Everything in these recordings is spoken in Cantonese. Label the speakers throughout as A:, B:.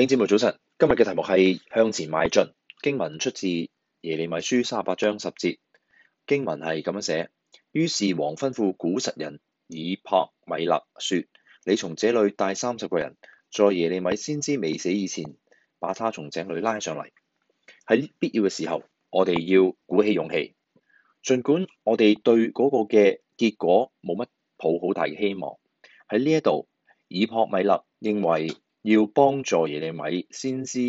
A: 聽節目早晨，今日嘅題目係向前邁進。經文出自耶利米書三十八章十節，經文係咁樣寫：於是王吩咐古實人以伯米勒說，你從這裏帶三十個人，在耶利米先知未死以前，把他從井裏拉上嚟。喺必要嘅時候，我哋要鼓起勇氣，盡管我哋對嗰個嘅結果冇乜抱好大嘅希望。喺呢一度，以伯米勒認為。要幫助耶利米先知，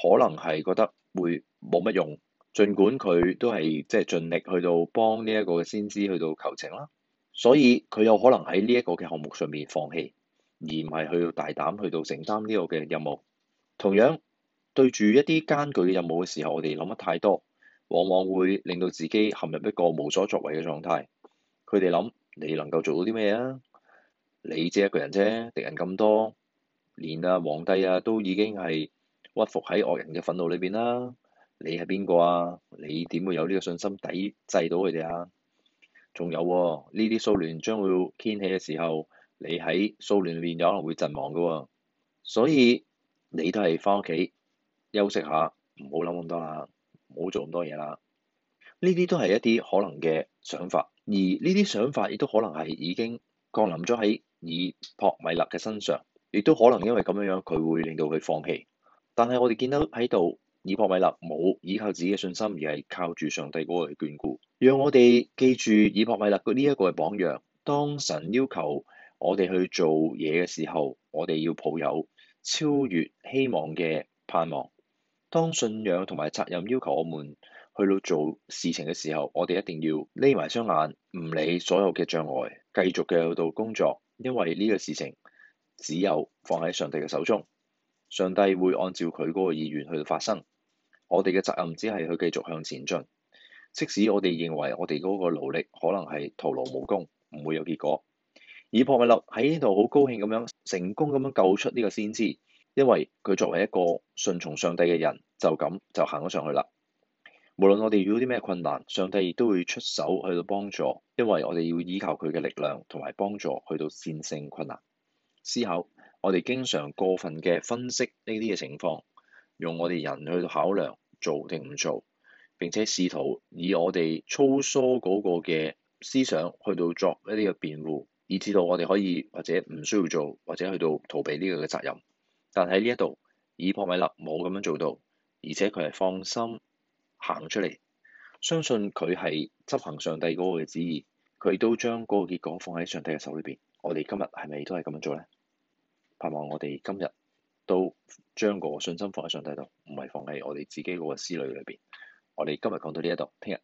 A: 可能係覺得會冇乜用，儘管佢都係即係盡力去到幫呢一個嘅先知去到求情啦。所以佢有可能喺呢一個嘅項目上面放棄，而唔係去到大膽去到承擔呢個嘅任務。同樣對住一啲艱巨嘅任務嘅時候，我哋諗得太多，往往會令到自己陷入一個無所作為嘅狀態。佢哋諗：你能夠做到啲咩啊？你只一個人啫，敵人咁多。連啊，皇帝啊，都已經係屈服喺惡人嘅憤怒裏邊啦。你係邊個啊？你點會有呢個信心抵制到佢哋啊？仲有呢啲騷亂將會掀起嘅時候，你喺騷亂裏面有可能會陣亡嘅，啊，所以你都係翻屋企休息下，唔好諗咁多啦，唔好做咁多嘢啦。呢啲都係一啲可能嘅想法，而呢啲想法亦都可能係已經降臨咗喺以伯米勒嘅身上。亦都可能因為咁樣樣，佢會令到佢放棄。但係我哋見到喺度，以伯米勒冇依靠自己嘅信心，而係靠住上帝嗰個眷顧。讓我哋記住以伯米勒嘅呢一個嘅榜樣。當神要求我哋去做嘢嘅時候，我哋要抱有超越希望嘅盼望。當信仰同埋責任要求我們去到做事情嘅時候，我哋一定要瞇埋雙眼，唔理所有嘅障礙，繼續嘅度工作，因為呢個事情。只有放喺上帝嘅手中，上帝會按照佢嗰個意願去到發生。我哋嘅責任只係去繼續向前進，即使我哋認為我哋嗰個努力可能係徒勞無功，唔會有結果。以伯米勒喺呢度好高興咁樣成功咁樣救出呢個先知，因為佢作為一個順從上帝嘅人，就咁就行咗上去啦。無論我哋遇到啲咩困難，上帝亦都會出手去到幫助，因為我哋要依靠佢嘅力量同埋幫助去到戰勝困難。思考，我哋經常過分嘅分析呢啲嘅情況，用我哋人去考量做定唔做，並且試圖以我哋粗疏嗰個嘅思想去到作一啲嘅辯護，以至到我哋可以或者唔需要做，或者去到逃避呢個嘅責任。但喺呢一度，以伯米勒冇咁樣做到，而且佢係放心行出嚟，相信佢係執行上帝嗰個嘅旨意，佢亦都將嗰個結果放喺上帝嘅手裏邊。我哋今日係咪都係咁樣做咧？盼望我哋今日都將個信心放喺上帝度，唔係放喺我哋自己個思慮裏邊。我哋今日講到呢一度，聽日再。